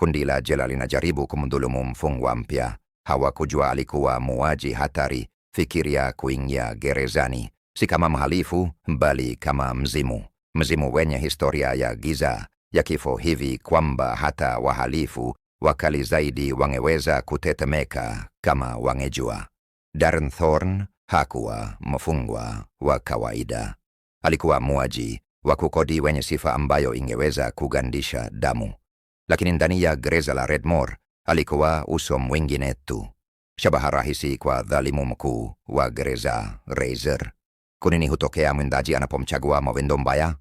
Kundi la jela linajaribu kumdhulumu mfungwa mpya. Hawakujua alikuwa muuaji hatari. Fikiria kuingia gerezani si kama mhalifu, bali kama mzimu, mzimu wenye historia ya giza ya kifo hivi kwamba hata wahalifu wakali zaidi wangeweza kutetemeka kama wangejua. Darren Thorne hakuwa mfungwa wa kawaida. Alikuwa muuaji wa kukodi wenye sifa ambayo ingeweza kugandisha damu lakini ndani ya gereza la Redmore alikuwa uso mwingine tu, shabaha rahisi kwa dhalimu mkuu wa gereza Razor. kunini hutokea mwindaji anapomchagua mawendo Mbaya?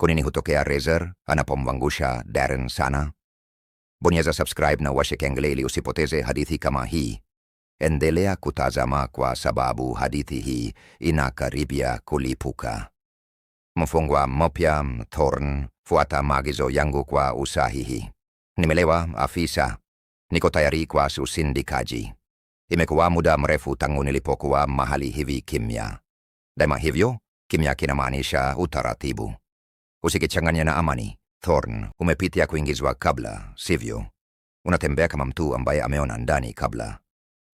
kunini hutokea Razor anapomwangusha Darren Sana? Bonyeza subscribe na washe kengele ili usipoteze hadithi kama hii. Endelea kutazama kwa sababu hadithi hii inakaribia kulipuka. Mfungwa mpya Thorn, fuata maagizo yangu kwa usahihi. Nimelewa, afisa. Niko tayari kwa usindikaji. Imekuwa muda mrefu tangu nilipokuwa mahali hivi kimya. Daima hivyo, kimya kinamaanisha utaratibu. Usikichanganya na amani. Thorn, umepitia kuingizwa kabla, sivyo? Unatembea kama mtu ambaye ameona ndani kabla.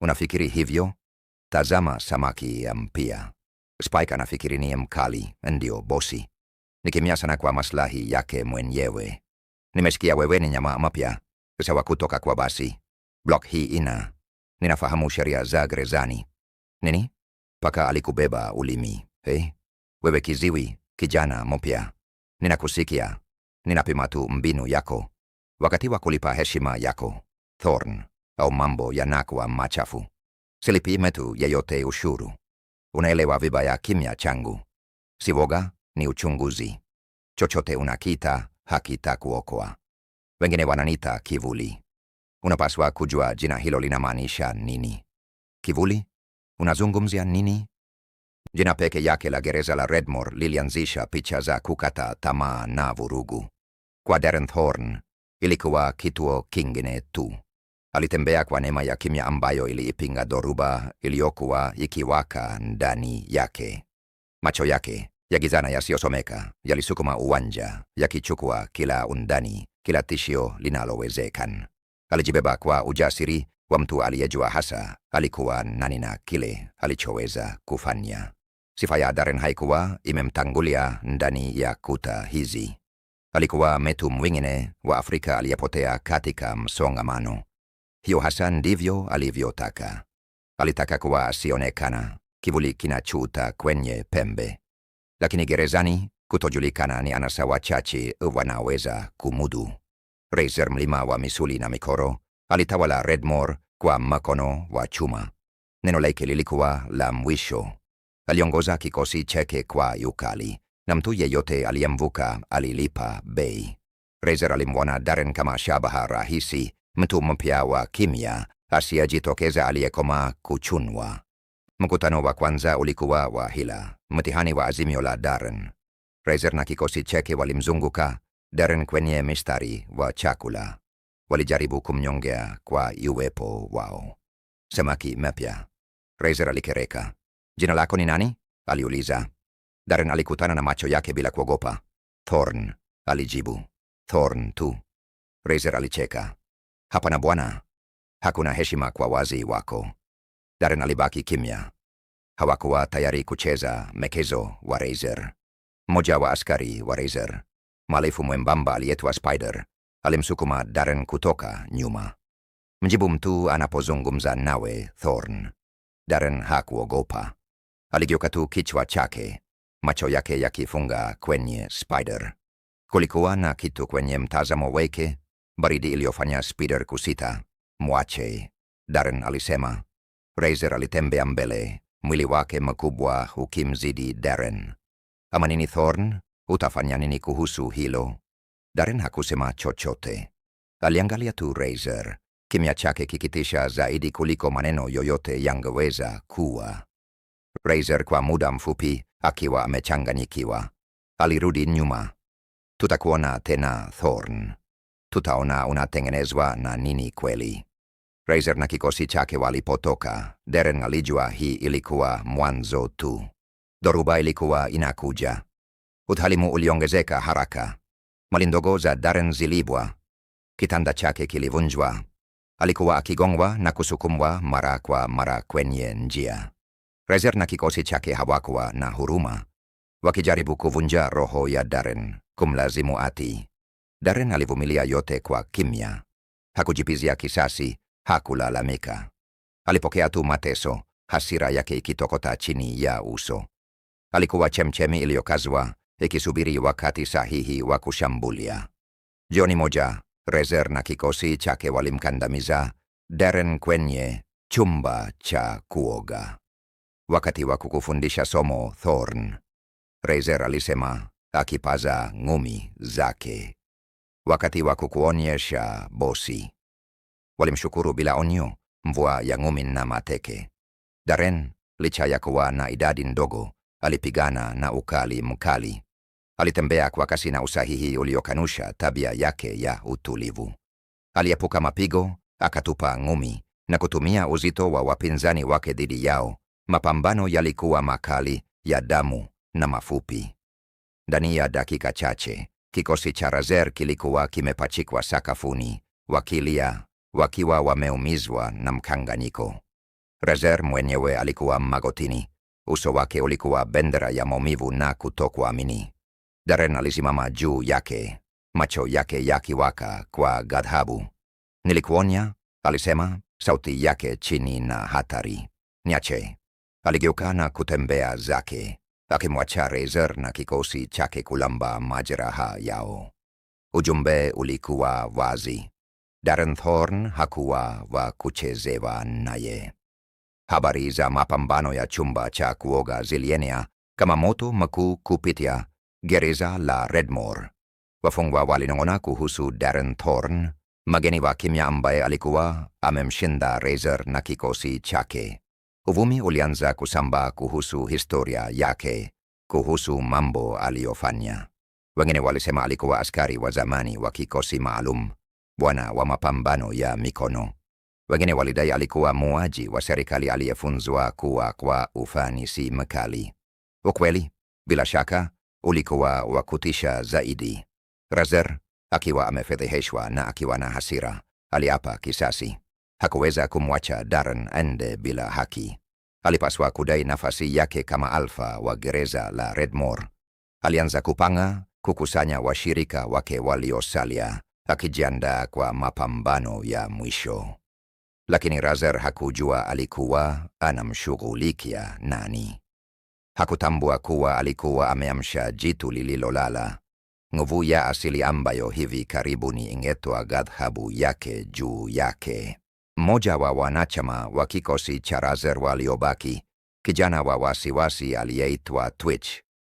Unafikiri hivyo? Tazama samaki mpia. Spike anafikiri ni mkali, ndio bosi. Ni kimya sana kwa maslahi yake mwenyewe. Nimesikia wewe ni nyama mapya. Sawa kutoka kwa basi. Block hii ina. Ninafahamu sheria za gerezani. Nini? Paka alikubeba ulimi. Hey? Eh? Wewe kiziwi, kijana mpya. Ninakusikia. Ninapima tu mbinu yako. Wakati wa kulipa heshima yako. Thorn. Au mambo yanakuwa machafu. Silipime tu yeyote ushuru. Unaelewa vibaya kimya changu. Sivoga ni uchunguzi. Chochote unakita haki kuokoa Wengine wananita kivuli. Unapaswa kujua jina hilo linamaanisha nini. Kivuli? Unazungumzia nini? Jina peke yake la gereza la Redmore lilianzisha picha za kukata tamaa na vurugu. Kwa Derenthorn ilikuwa kituo kingine tu. Alitembea kwa neema ya kimya ambayo iliipinga dhoruba iliyokuwa ikiwaka ndani yake. Macho yake Yagizana yasiyosomeka yalisukuma uwanja, yakichukua kila undani, kila tishio linalowezekan. Alijibeba kwa ujasiri wa mtu aliyejua hasa alikuwa nani na kile alichoweza kufanya. Sifa ya Darren haikuwa imemtangulia ndani ya kuta hizi. Alikuwa metu mwingine wa Afrika aliyepotea katika msongamano. Hiyo hasa ndivyo alivyotaka. Alitaka kuwa asionekana, kivuli kinachuta kwenye pembe lakini gerezani kutojulikana ni anasa wachache wanaweza kumudu. Reiser, mlima wa misuli na mikoro, alitawala Redmore kwa makono wa chuma. Neno lake lilikuwa la mwisho. Aliongoza kikosi cheke kwa yukali, na mtu yeyote aliyemvuka alilipa bei. Reiser alimwona Darren kama shabaha rahisi, mtu mpya wa kimya asiyejitokeza aliyekoma kuchunwa. Mkutano wa kwanza ulikuwa wa hila, mtihani wa azimio la Darren. Razer na kikosi cheke walimzunguka Darren kwenye mistari wa chakula. Walijaribu kumnyongea kwa uwepo wao. Samaki mapya. Razer alikereka. Jina lako ni nani? aliuliza. Darren alikutana na macho yake bila kuogopa. Thorn, alijibu. Thorn tu. Razer alicheka. Hapana bwana, hakuna heshima kwa wazi wako. Darren alibaki kimya. Hawakuwa tayari kucheza mekezo wa Razer. Mmoja wa askari wa Razer, mhalifu mwembamba aliyetwa Spider, alimsukuma Darren kutoka nyuma. Mjibu mtu anapozungumza nawe, Thorn. Darren hakuogopa. Aligeuka tu kichwa chake, macho yake yakifunga kwenye Spider. Kulikuwa na kitu kwenye mtazamo wake, baridi iliyofanya Spider kusita. Mwache, Darren alisema, Fraser alitembea mbele, mwili wake mkubwa ukimzidi Darren. Ama nini Thorn, utafanya nini kuhusu hilo? Darren hakusema chochote, aliangalia tu Fraser, kimya chake kikitisha zaidi kuliko maneno yoyote yangeweza kuwa. Fraser kwa muda mfupi akiwa amechanganyikiwa alirudi nyuma. Tutakuona tena Thorn, tutaona unatengenezwa na nini kweli. Fraser na kikosi chake walipotoka, Deren alijua hii ilikuwa mwanzo tu. Dhoruba ilikuwa inakuja. Udhalimu uliongezeka haraka. Mali ndogo za Daren zilibwa, kitanda chake kilivunjwa, alikuwa akigongwa na kusukumwa mara kwa mara kwenye njia. Fraser na kikosi chake hawakuwa na huruma, wakijaribu kuvunja roho ya Daren, kumlazimu ati. Daren alivumilia yote kwa kimya, hakujipizia kisasi Hakulalamika. Alipokea tu mateso, hasira yake ikitokota chini ya uso. Alikuwa chemchemi iliyokazwa ikisubiri wakati sahihi wa kushambulia. Jioni moja, Rezer na kikosi chake walimkandamiza Darren kwenye chumba cha kuoga. Wakati wa kukufundisha somo Thorn, Rezer alisema akipaza ngumi zake, wakati wa kukuonyesha bosi walimshukuru bila onyo mvua ya ngumi na mateke. Daren, licha ya kuwa na idadi ndogo, alipigana na ukali mkali. Alitembea kwa kasi na usahihi uliokanusha tabia yake ya utulivu. Aliepuka mapigo, akatupa ngumi na kutumia uzito wa wapinzani wake dhidi yao. Mapambano yalikuwa makali, ya damu na mafupi. Ndani ya dakika chache, kikosi cha Razer kilikuwa kimepachikwa sakafuni, wakilia wakiwa wameumizwa na mkanganyiko. Rezer mwenyewe alikuwa magotini, uso wake ulikuwa bendera ya maumivu na kutokuamini. Darren alisimama juu yake, macho yake yakiwaka kwa ghadhabu. Nilikuonya, alisema, sauti yake chini na hatari. Niache. Aligeuka na kutembea zake, akimwacha Rezer na kikosi chake kulamba majeraha yao. Ujumbe ulikuwa wazi. Darren Thorne hakuwa wa kuchezewa naye. Habari za mapambano ya chumba cha kuoga zilienea kama moto mkuu kupitia gereza la Redmore. Wafungwa walinong'ona kuhusu Darren Thorne, mageni wa kimya ambaye alikuwa amemshinda Razor na kikosi chake. Uvumi ulianza kusambaa kuhusu historia yake, kuhusu mambo aliyofanya. Wengine walisema alikuwa askari wa zamani wa kikosi maalum bwana wa mapambano ya mikono. Wengine walidai alikuwa muaji wa serikali aliyefunzwa kuwa kwa ufanisi mkali. Ukweli bila shaka ulikuwa wa kutisha zaidi. Razer akiwa amefedheheshwa na akiwa na hasira, aliapa kisasi. Hakuweza kumwacha Darren ende bila haki. Alipaswa kudai nafasi yake kama alfa wa gereza la Redmore. Alianza kupanga kukusanya washirika wake waliosalia akijiandaa kwa mapambano ya mwisho, lakini Razer hakujua alikuwa anamshughulikia nani. Hakutambua kuwa alikuwa ameamsha jitu lililolala, nguvu ya asili ambayo hivi karibuni ingetoa ghadhabu yake juu yake. Mmoja wa wanachama wa kikosi cha Razer waliobaki, kijana wa wasiwasi aliyeitwa Twitch,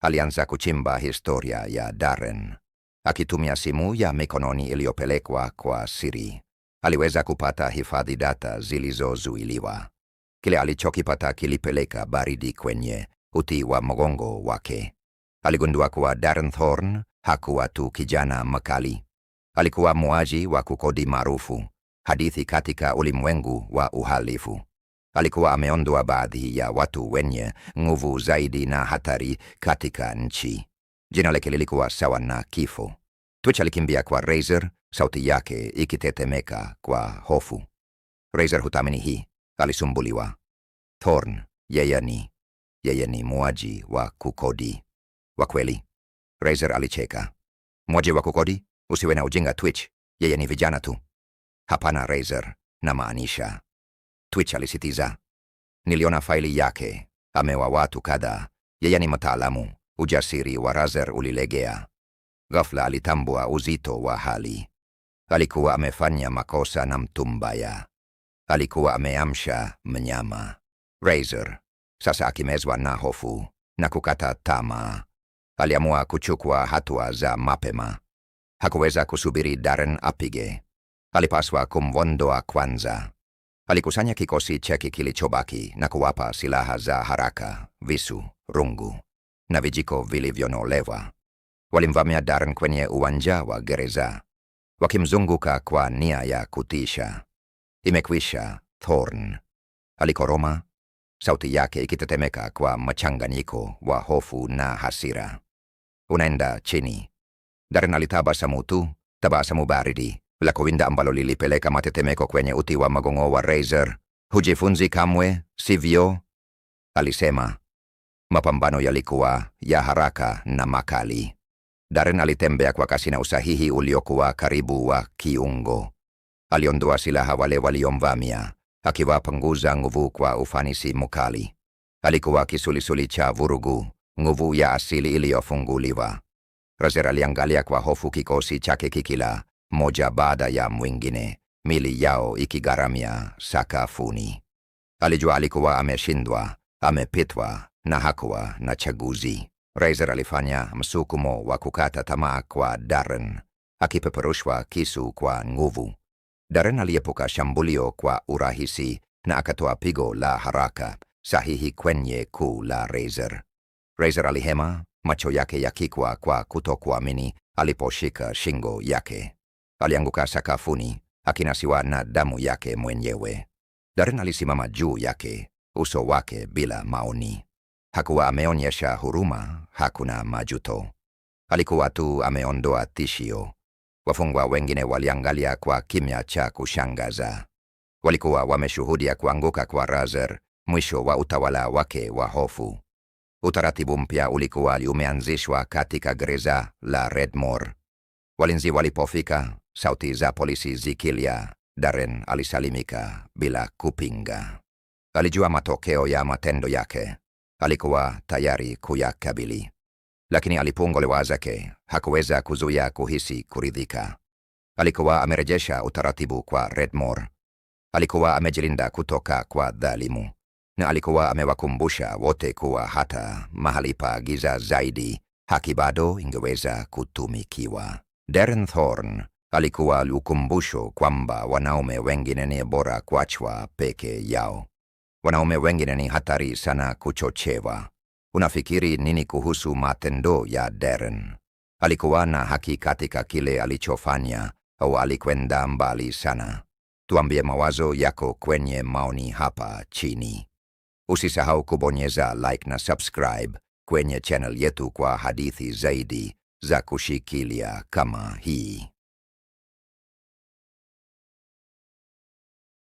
alianza kuchimba historia ya Darren. Akitumia simu ya mikononi iliyopelekwa kwa siri, aliweza kupata hifadhi data zilizozuiliwa. Kile alichokipata kilipeleka baridi kwenye uti wa mgongo wake. Aligundua kuwa Darren Thorn hakuwa tu kijana mkali, alikuwa muaji wa kukodi maarufu, hadithi katika ulimwengu wa uhalifu. Alikuwa ameondoa baadhi ya watu wenye nguvu zaidi na hatari katika nchi jina lake lilikuwa sawa na kifo. Twitch alikimbia kwa Razer, sauti yake ikitetemeka kwa hofu. Razer hutamini hii, alisumbuliwa. Thorn, yeye ni yeye ni mwaji wa kukodi wa kweli. Razer alicheka. Mwaji wa kukodi? Usiwe na ujinga Twitch, yeye ni vijana tu. Hapana Razer, na maanisha. Twitch alisitiza. Niliona faili yake, amewa watu kadhaa, yeye ni mtaalamu Ujasiri wa Razer ulilegea. Ghafla alitambua uzito wa hali. Alikuwa amefanya makosa na mtu mbaya. Alikuwa ameamsha mnyama Razer, sasa akimezwa na hofu na kukata tamaa. Aliamua kuchukua hatua za mapema. Hakuweza kusubiri Darren apige. Alipaswa kumwondoa kwanza. Alikusanya kikosi chake kilichobaki na kuwapa silaha za haraka, visu, rungu na vijiko vilivyonolewa. Walimvamia Darren kwenye uwanja wa gereza, wakimzunguka kwa nia ya kutisha. Imekwisha, Thorn, alikoroma, sauti yake ikitetemeka kwa mchanganyiko wa hofu na hasira. Unaenda chini. Darren alitabasamu tu, tabasamu baridi la kuwinda ambalo lilipeleka matetemeko kwenye uti wa magongo wa Razor. Hujifunzi kamwe, sivyo? alisema Mapambano yalikuwa ya haraka na makali. Darren alitembea kwa kasi na usahihi uliokuwa karibu wa kiungo. Aliondoa silaha wale waliomvamia, akiwapunguza nguvu kwa ufanisi mkali. Alikuwa kisulisuli cha vurugu, nguvu ya asili iliyofunguliwa. Razer aliangalia kwa hofu kikosi chake kikila, moja baada ya mwingine, mili yao ikigaramia sakafuni. Alijua alikuwa ameshindwa, amepitwa na hakuwa na chaguzi. Razer alifanya msukumo wa kukata tamaa kwa Darren, akipeperushwa kisu kwa nguvu. Darren aliepuka shambulio kwa urahisi na akatoa pigo la haraka sahihi kwenye kuu la Razer. Razer alihema, macho yake yakikwa kwa kutokuamini aliposhika shingo yake. Alianguka sakafuni akinasiwa na damu yake mwenyewe. Darren alisimama juu yake uso wake bila maoni. Hakuwa ameonyesha huruma, hakuna majuto. Alikuwa tu ameondoa tishio. Wafungwa wengine waliangalia kwa kimya cha kushangaza. Walikuwa wameshuhudia kuanguka kwa Razer, mwisho wa utawala wake wa hofu. Utaratibu mpya ulikuwa umeanzishwa katika gereza la Redmore. Walinzi walipofika, sauti za polisi zikilia, Darren alisalimika bila kupinga. Alijua matokeo ya matendo yake, alikuwa tayari kuyakabili, lakini alipongolewa zake hakuweza kuzuia kuhisi kuridhika. Alikuwa amerejesha utaratibu kwa Redmore, alikuwa amejilinda kutoka kwa dhalimu, na alikuwa amewakumbusha wote kuwa hata mahali pa giza zaidi haki bado ingeweza kutumikiwa. Darren Thorne alikuwa ukumbusho kwamba wanaume wengine ni bora kuachwa peke yao. Wanaume wengine ni hatari sana kuchochewa. Unafikiri nini kuhusu matendo ya Darren? Alikuwa na haki katika kile alichofanya au alikwenda mbali sana? Tuambie mawazo yako kwenye maoni hapa chini. Usisahau kubonyeza like na subscribe kwenye channel yetu kwa hadithi zaidi za kushikilia kama hii.